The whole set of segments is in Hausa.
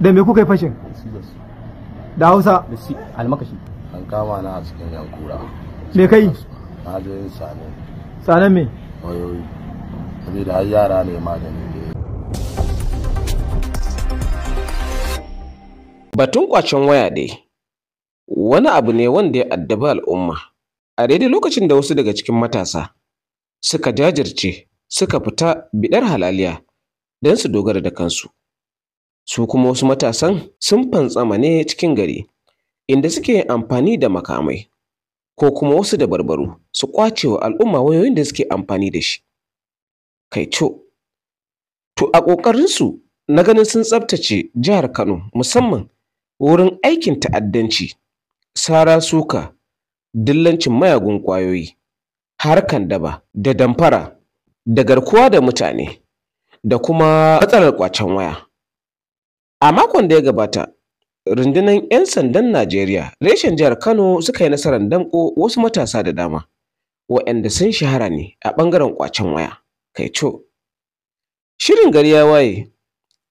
da me kuka yi fashin da hausa almakashi an kama na a cikin yankura me kai na je sane sane me wayoyi da har yara ne magani batun kwacin waya dai wani abu ne wanda ya addabi al'umma a daidai lokacin da wasu daga cikin matasa suka jajirce suka fita bidar halaliya don su dogara da kansu su kuma wasu matasan sun fantsama ne cikin gari inda suke amfani da makamai ko kuma wasu dabarbaru su kwace wa al'umma wayoyin da suke amfani da shi kai co to a ƙoƙarinsu na ganin sun tsabtace jihar kano musamman wurin aikin ta'addanci sara suka dillancin mayagun ƙwayoyi harkan daba da damfara da garkuwa da mutane da kuma matsalar ƙwacen waya A makon da ya gabata, rundunar 'yan sandan Najeriya reshen jihar Kano suka yi nasarar damko wasu matasa da dama, waɗanda sun shahara ne a ɓangaren ƙwacen waya, kai co. Shirin gari ya waye,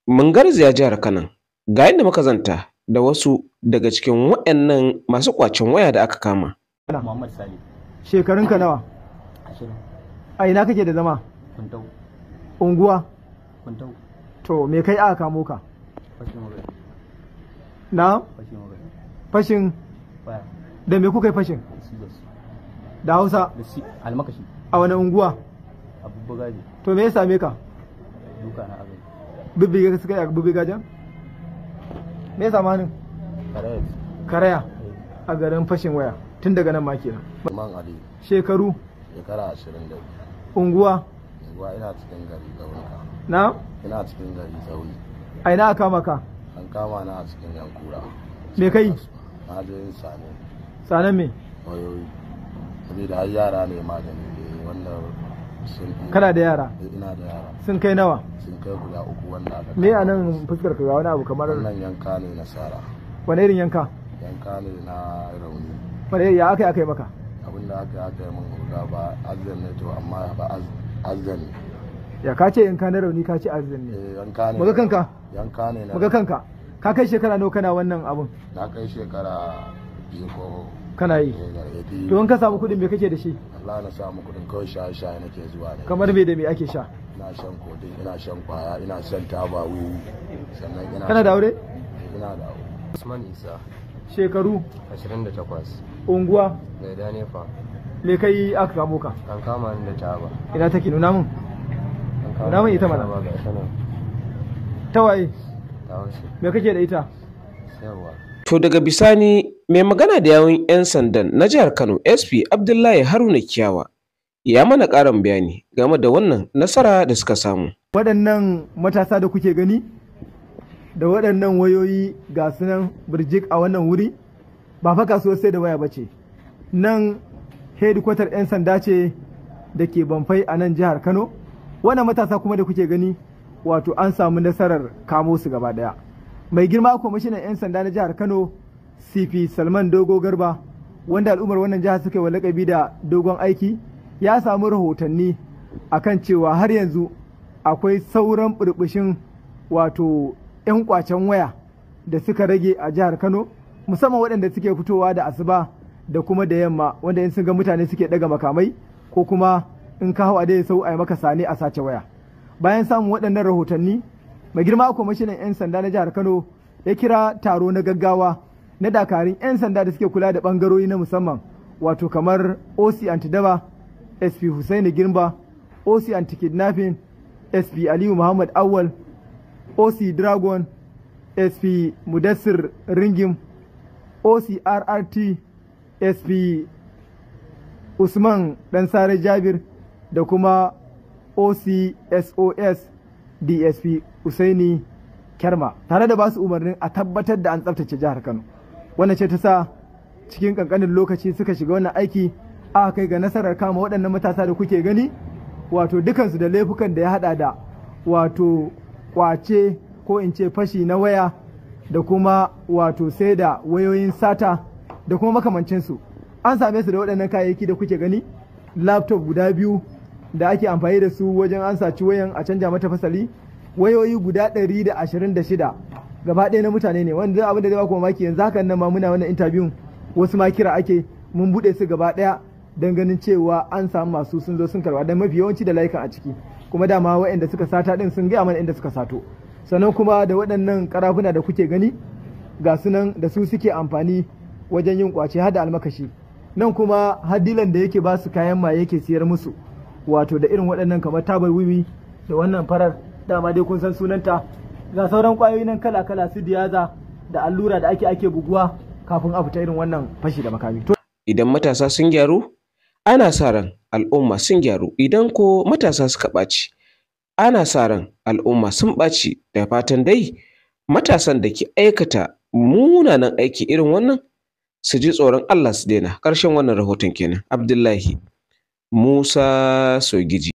mun garzaya jihar Kano, ga yadda muka zanta da wasu daga cikin waɗannan masu ƙwacen waya da aka kama. Shekarun ka nawa? A ina kake da zama? Unguwa? To, me kai aka kamo ka? na fashin da me kuka yi fashin da hausa a wani unguwa to me ya same ka duka na azai bibbiga suka yi bibbiga jan me ya samanin karaya eh. a garin fashin waya tun daga nan maki shekaru shekara ashirin da unguwa unguwa ina cikin gari zaune na ina cikin gari zaune a ina aka maka an kama na a cikin yankura. me kai na je yin sane sane me oyoyi abi har yara ne magani ne wanda kana da yara eh, ina da yara sun kai nawa sun kai guda uku wanda aka me a nan fuskar ka ga wani abu kamar nan yanka ne na sara wani irin yanka yanka ne na rauni wani ya aka yi aka yi maka abinda aka yi aka yi min guda ba azan ne to amma ba azan ne ya ka ce in na rauni ka ce arzin ne eh, yanka ne muga kanka yanka ne na muga kanka ka kai shekara nawa kana wannan abun na kai shekara biyu ko kana eh, yi to in ka samu kuɗin me kake da shi Allah na samu kudin kawai sha shaye nake zuwa ne kamar me da me ake sha ina shan kodin ina shan kwaya ina shan taba wiwi sannan ina kana da aure eh, ina da aure Usman Isa shekaru 28 unguwa mai fa? me kai aka kamo ka an kama ni da taba ina take nuna mun na mai ita mana ta me kake da ita to daga bisani mai magana da yawun 'yan sandan na jihar kano sp abdullahi haruna kiyawa ya mana ƙarin bayani game da wannan nasara da suka samu waɗannan matasa da kuke gani da waɗannan wayoyi ga sunan birjik a wannan wuri ba fa kasuwar sai da waya ba ce nan hedikwatar 'yan sanda ce da ke bamfai a nan jihar kano wannan matasa kuma da kuke gani wato an samu nasarar kamo su gaba daya mai girma kwamishinan 'yan sanda na jihar kano cp salman dogo garba wanda al'ummar wannan jihar suka yi wa lakabi da dogon aiki ya samu rahotanni akan cewa har yanzu akwai sauran burbushin wato 'yan kwacen waya da suka rage a jihar kano musamman waɗanda suke fitowa da asuba da kuma da yamma wanda in sun ga mutane suke ɗaga makamai ko kuma in ka hau a dai sau a yi maka sane a sace waya bayan samun waɗannan rahotanni mai girma kwamishinan 'yan sanda na jihar kano ya kira taro na gaggawa na dakarun 'yan sanda da suke kula da ɓangarori na musamman wato kamar oc antidaba sp husaini girba oc anti-kidnapping sp aliyu muhammad awal oc dragon sp mudassir ringim oc rrt sp usman sare jabir da kuma ocsos dsp usaini Kerma tare da basu umarnin a tabbatar da an tsaftace jihar kano wannan ce ta sa cikin kankanin lokaci suka shiga wannan aiki a kai ga nasarar kama waɗannan matasa da kuke gani wato dukansu da laifukan da ya haɗa da wato kwace ko in ce fashi na waya da kuma wato sai da wayoyin sata da kuma makamancinsu an same su da waɗannan kayayyaki da kuke gani laptop guda biyu da ake amfani da su wajen an saci wayan a canja mata fasali wayoyi guda 126 gaba ɗaya na mutane ne wanda abin da zai baku mamaki yanzu hakan nan ma muna wannan interview wasu ma kira ake mun bude su gaba ɗaya dan ganin cewa an samu masu sun zo sun karba don mafi yawanci da layukan a ciki kuma dama waɗanda suka sata din sun gaya mana inda suka sato sanan kuma da waɗannan karafuna da kuke gani ga su nan da su suke amfani wajen yin kwace har da almakashi nan kuma hadilan da yake ba su kayan ma yake siyar musu wato da irin waɗannan kamar tabar wiwi da wannan farar dama dai kun san sunanta ga sauran ƙwayoyi nan kala kala su diyaza da allura da ake ake buguwa kafin a fita irin wannan fashi da makami. Idan matasa sun gyaru, ana sa ran al'umma sun gyaru idan ko matasa suka ɓaci, ana sa ran al'umma sun ɓaci da fatan dai matasan da ke aikata munanan aiki irin wannan su ji tsoron Allah su daina ƙarshen wannan rahoton kenan Abdullahi. Musa Sogiji